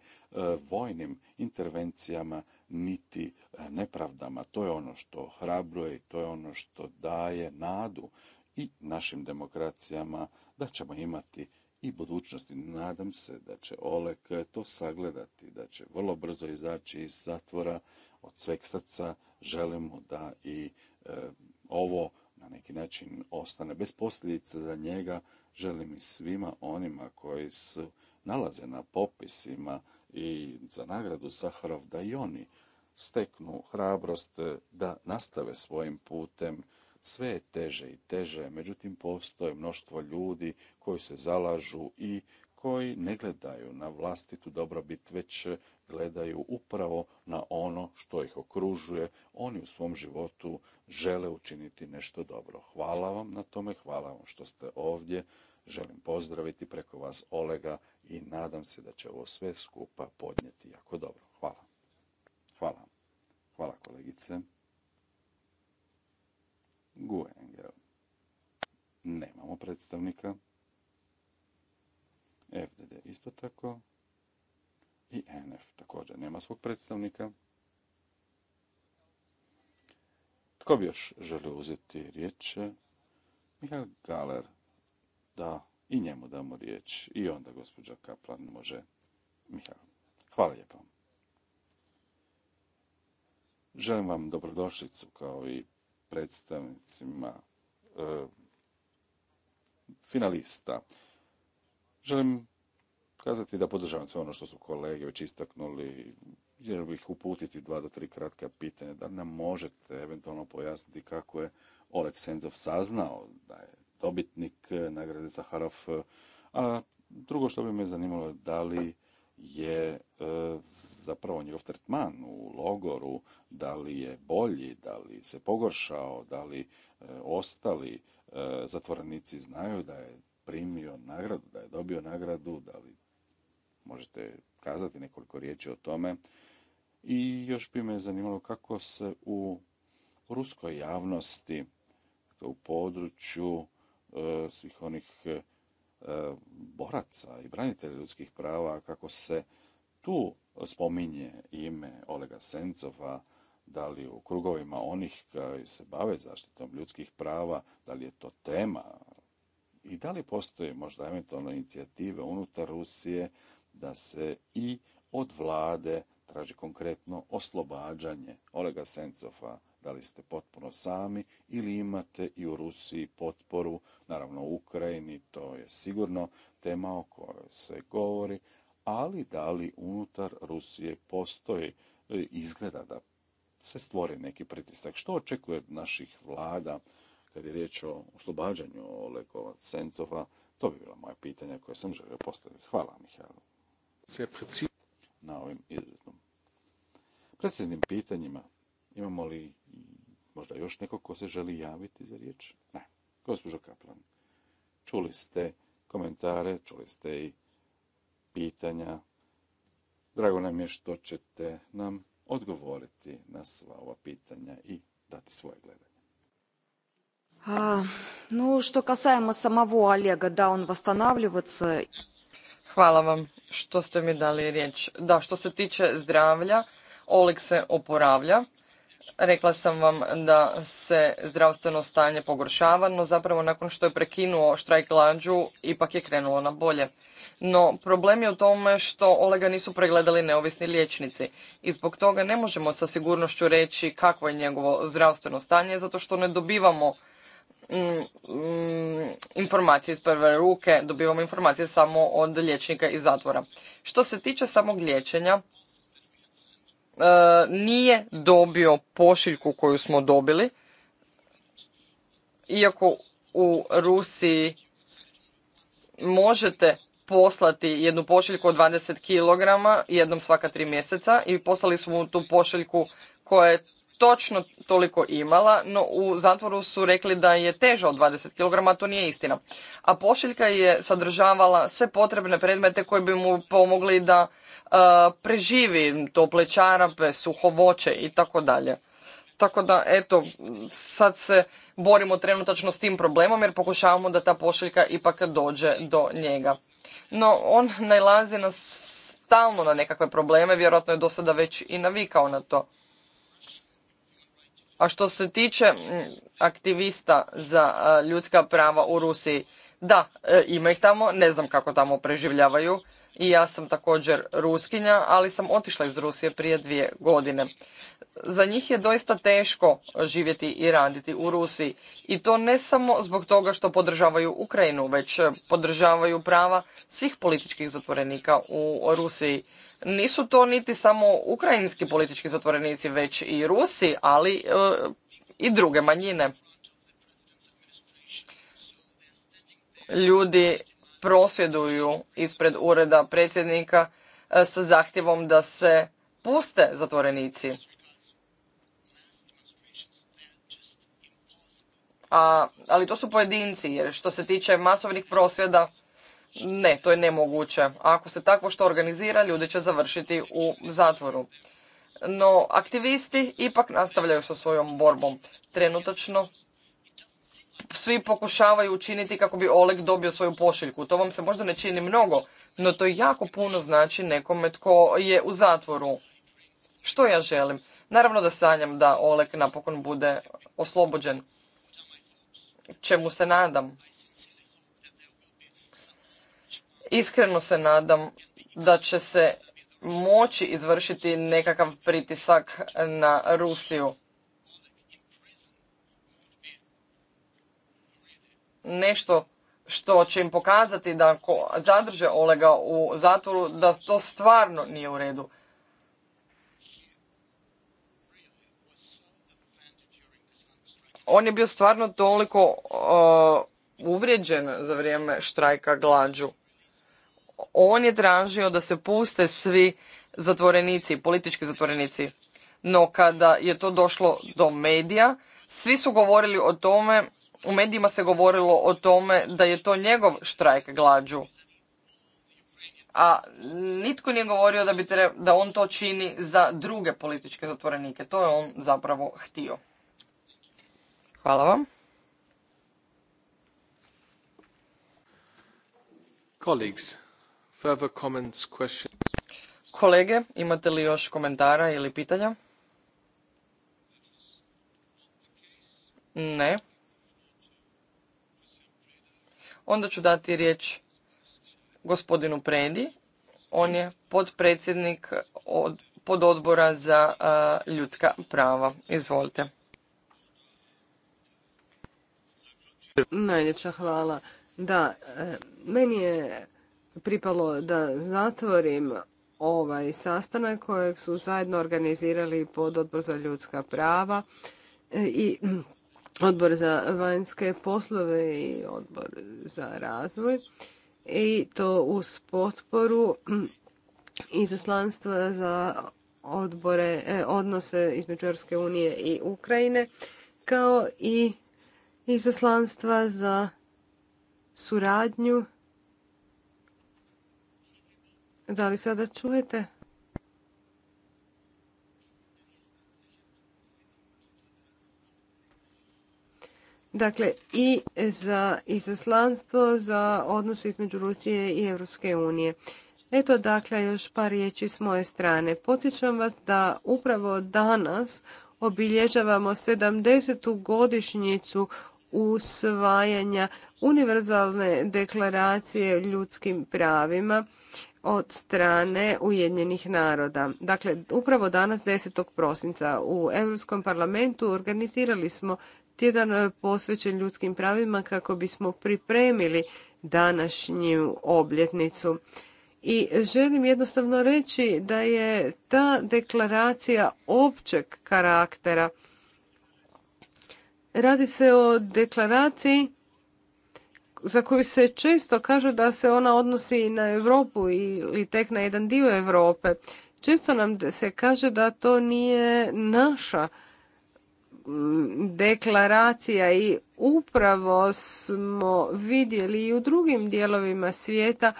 vojnim intervencijama, niti e, nepravdama. To je ono što hrabruje i to je ono što daje nadu i našim demokracijama da ćemo imati i budućnosti. Nadam se da će Olek to sagledati, da će vrlo brzo izaći iz zatvora. Od sveg srca želimo da i e, ovo na neki način ostane bez posljedica za njega, želim i svima onima koji se nalaze na popisima i za nagradu Saharov da i oni steknu hrabrost eh, da nastave svojim putem. Sve je teže i teže, međutim postoje mnoštvo ljudi koji se zalažu i koji ne gledaju na vlastitu dobrobit, već eh, gledaju upravo na ono što ih okružuje. Oni u svom životu žele učiniti nešto dobro. Hvala vam na tome, hvala vam što ste ovdje želim pozdraviti preko vas Olega i nadam se da će ovo sve skupa podnijeti jako dobro. Hvala. Hvala. Hvala kolegice. Guengel. Nemamo predstavnika. FDD isto tako. I NF također nema svog predstavnika. Tko bi još želio uzeti riječ? Mihael Galer da i njemu damo riječ i onda gospođa Kaplan može Mihajlo. Hvala lijepo. Želim vam dobrodošlicu kao i predstavnicima e, finalista. Želim kazati da podržavam sve ono što su kolege već istaknuli. Želim bih uputiti dva do tri kratka pitanja. Da nam možete eventualno pojasniti kako je Oleg Senzov saznao da je dobitnik e, nagrade Saharov. E, a drugo što bi me zanimalo, da li je e, zapravo njegov tretman u logoru, da li je bolji, da li se pogoršao, da li ostali zatvorenici znaju da je primio nagradu, da je dobio nagradu, da li možete kazati nekoliko riječi o tome. I još bi me zanimalo kako se u ruskoj javnosti, u području E, svih onih e, e, boraca i branitelja ljudskih prava, kako se tu spominje ime Olega Sencova, da li u krugovima onih koji se bave zaštitom ljudskih prava, da li je to tema i da li postoje možda eventualno inicijative unutar Rusije da se i od vlade traži konkretno oslobađanje Olega Sencova da li ste potpuno sami ili imate i u Rusiji potporu, naravno u Ukrajini, to je sigurno tema o kojoj se govori, ali da li unutar Rusije postoji e, izgleda da se stvori neki pritisak. Što očekuje od naših vlada kad je riječ o oslobađanju Olegova Sencova? To bi bila moja pitanja koje sam želio postaviti. Hvala, Mihajlo. Na ovim izuzetno preciznim pitanjima imamo li Možda još neko ko se želi javiti za riječ? Ne. Gospođo Kaplan, čuli ste komentare, čuli ste i pitanja. Drago nam je što ćete nam odgovoriti na sva ova pitanja i dati svoje gledanje. Hvala vam što ste mi dali riječ. Da, što se tiče zdravlja, Oleg se oporavlja Rekla sam vam da se zdravstveno stanje pogoršava, no zapravo nakon što je prekinuo štrajk lađu, ipak je krenulo na bolje. No problem je u tome što Olega nisu pregledali neovisni liječnici i zbog toga ne možemo sa sigurnošću reći kakvo je njegovo zdravstveno stanje, zato što ne dobivamo mm, mm, informacije iz prve ruke, dobivamo informacije samo od liječnika iz zatvora. Što se tiče samog liječenja, E, nije dobio pošiljku koju smo dobili, iako u Rusiji možete poslati jednu pošiljku od 20 kg jednom svaka tri mjeseca i poslali su mu tu pošiljku koja je točno toliko imala, no u zatvoru su rekli da je teža od 20 kg, a to nije istina. A pošiljka je sadržavala sve potrebne predmete koji bi mu pomogli da E, preživi tople čarape, suho voće i tako dalje. Tako da, eto, sad se borimo trenutačno s tim problemom jer pokušavamo da ta pošiljka ipak dođe do njega. No, on najlazi nas stalno na nekakve probleme, vjerojatno je do sada već i navikao na to. A što se tiče aktivista za e, ljudska prava u Rusiji, da, e, ima ih tamo, ne znam kako tamo preživljavaju, i ja sam također Ruskinja, ali sam otišla iz Rusije prije dvije godine. Za njih je doista teško živjeti i raditi u Rusiji i to ne samo zbog toga što podržavaju Ukrajinu, već podržavaju prava svih političkih zatvorenika u Rusiji. Nisu to niti samo ukrajinski politički zatvorenici, već i Rusi, ali e, i druge manjine. Ljudi prosvjeduju ispred ureda predsjednika e, sa zahtjevom da se puste zatvorenici. A, ali to su pojedinci, jer što se tiče masovnih prosvjeda, ne, to je nemoguće. ako se takvo što organizira, ljudi će završiti u zatvoru. No, aktivisti ipak nastavljaju sa svojom borbom. Trenutačno svi pokušavaju učiniti kako bi Oleg dobio svoju pošiljku. To vam se možda ne čini mnogo, no to jako puno znači nekome tko je u zatvoru. Što ja želim? Naravno da sanjam da Oleg napokon bude oslobođen. Čemu se nadam? Iskreno se nadam da će se moći izvršiti nekakav pritisak na Rusiju nešto što će im pokazati da ako zadrže Olega u zatvoru, da to stvarno nije u redu. On je bio stvarno toliko uh, uvrijeđen za vrijeme štrajka glađu. On je tražio da se puste svi zatvorenici, politički zatvorenici. No kada je to došlo do medija, svi su govorili o tome u medijima se govorilo o tome da je to njegov štrajk glađu. A nitko nije govorio da, bi da on to čini za druge političke zatvorenike. To je on zapravo htio. Hvala vam. Kolege, imate li još komentara ili pitanja? Ne onda ću dati riječ gospodinu Predi. On je podpredsjednik od, Odbora za ljudska prava. Izvolite. Najljepša hvala. Da, e, meni je pripalo da zatvorim ovaj sastanak kojeg su zajedno organizirali pod odbor za ljudska prava e, i odbor za vanjske poslove i odbor za razvoj i to uz potporu izaslanstva za odbore, e, odnose između Europske unije i Ukrajine kao i izaslanstva za suradnju. Da li sada čujete? Dakle, i za izaslanstvo za odnose između Rusije i Europske unije. Eto dakle još par riječi s moje strane. Podsjećam vas da upravo danas obilježavamo 70. godišnjicu usvajanja univerzalne deklaracije ljudskim pravima od strane Ujedinjenih naroda. Dakle, upravo danas 10. prosinca u Europskom parlamentu organizirali smo tjedan e, posvećen ljudskim pravima kako bismo pripremili današnju obljetnicu. I želim jednostavno reći da je ta deklaracija općeg karaktera. Radi se o deklaraciji za koju se često kaže da se ona odnosi na Europu ili tek na jedan dio Europe. Često nam se kaže da to nije naša deklaracija i upravo smo vidjeli i u drugim dijelovima svijeta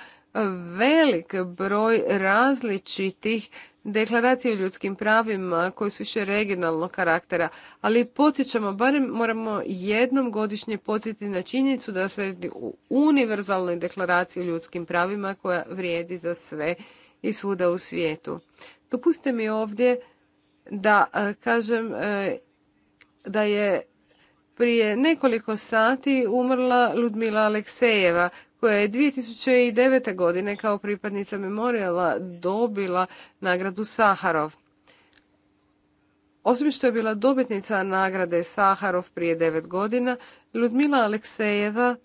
velik broj različitih deklaracija o ljudskim pravima koji su više regionalnog karaktera, ali podsjećamo, barem moramo jednom godišnje podsjetiti na činjenicu da se u univerzalnoj deklaraciji o ljudskim pravima koja vrijedi za sve i svuda u svijetu. Dopustite mi ovdje da e, kažem e, da je prije nekoliko sati umrla Ludmila Aleksejeva, koja je 2009. godine kao pripadnica memoriala dobila nagradu Saharov. Osim što je bila dobitnica nagrade Saharov prije devet godina, Ludmila Aleksejeva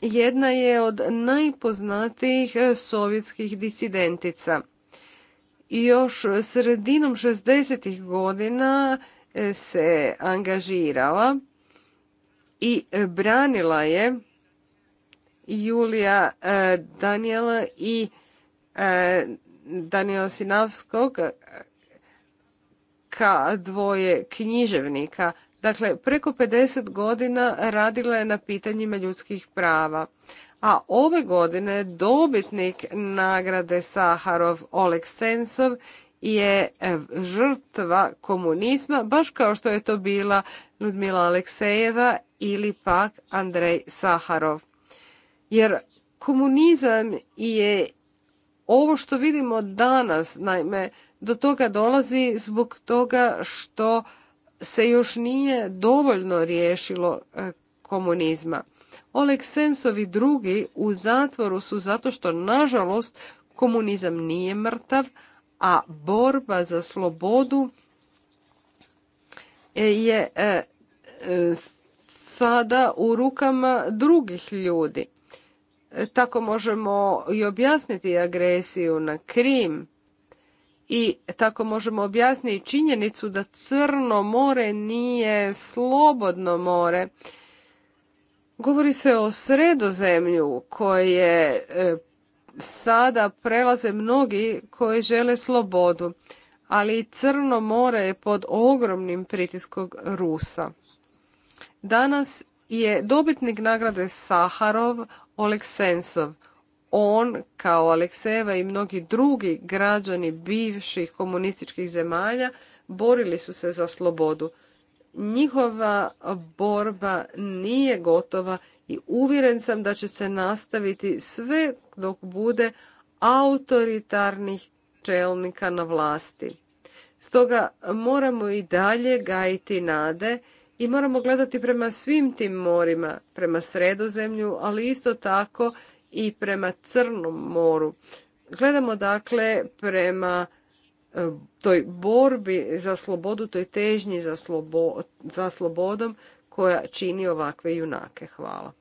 jedna je od najpoznatijih e, sovjetskih disidentica. I još sredinom 60. godina se angažirala i branila je Julija e, daniela i e, Daniela Sinavskog e, ka dvoje književnika. Dakle, preko 50 godina radila je na pitanjima ljudskih prava. A ove godine dobitnik nagrade Saharov Oleg Sensov je e, žrtva komunizma, baš kao što je to bila Ludmila Aleksejeva ili pak Andrej Saharov. Jer komunizam je ovo što vidimo danas, naime, do toga dolazi zbog toga što se još nije dovoljno riješilo e, komunizma. Oleg Sensov drugi u zatvoru su zato što, nažalost, komunizam nije mrtav, a borba za slobodu e, je e, e, sada u rukama drugih ljudi. Tako možemo i objasniti agresiju na Krim i tako možemo objasniti činjenicu da Crno more nije slobodno more. Govori se o sredozemlju koje sada prelaze mnogi koji žele slobodu, ali i Crno more je pod ogromnim pritiskom Rusa. Danas je dobitnik nagrade Saharov Oleksensov. On, kao Alekseva i mnogi drugi građani bivših komunističkih zemalja, borili su se za slobodu njihova borba nije gotova i uvjeren sam da će se nastaviti sve dok bude autoritarnih čelnika na vlasti. Stoga moramo i dalje gajiti nade i moramo gledati prema svim tim morima, prema sredozemlju, ali isto tako i prema Crnom moru. Gledamo dakle prema E, toj borbi za slobodu, toj težnji za, za slobodom koja čini ovakve junake. Hvala.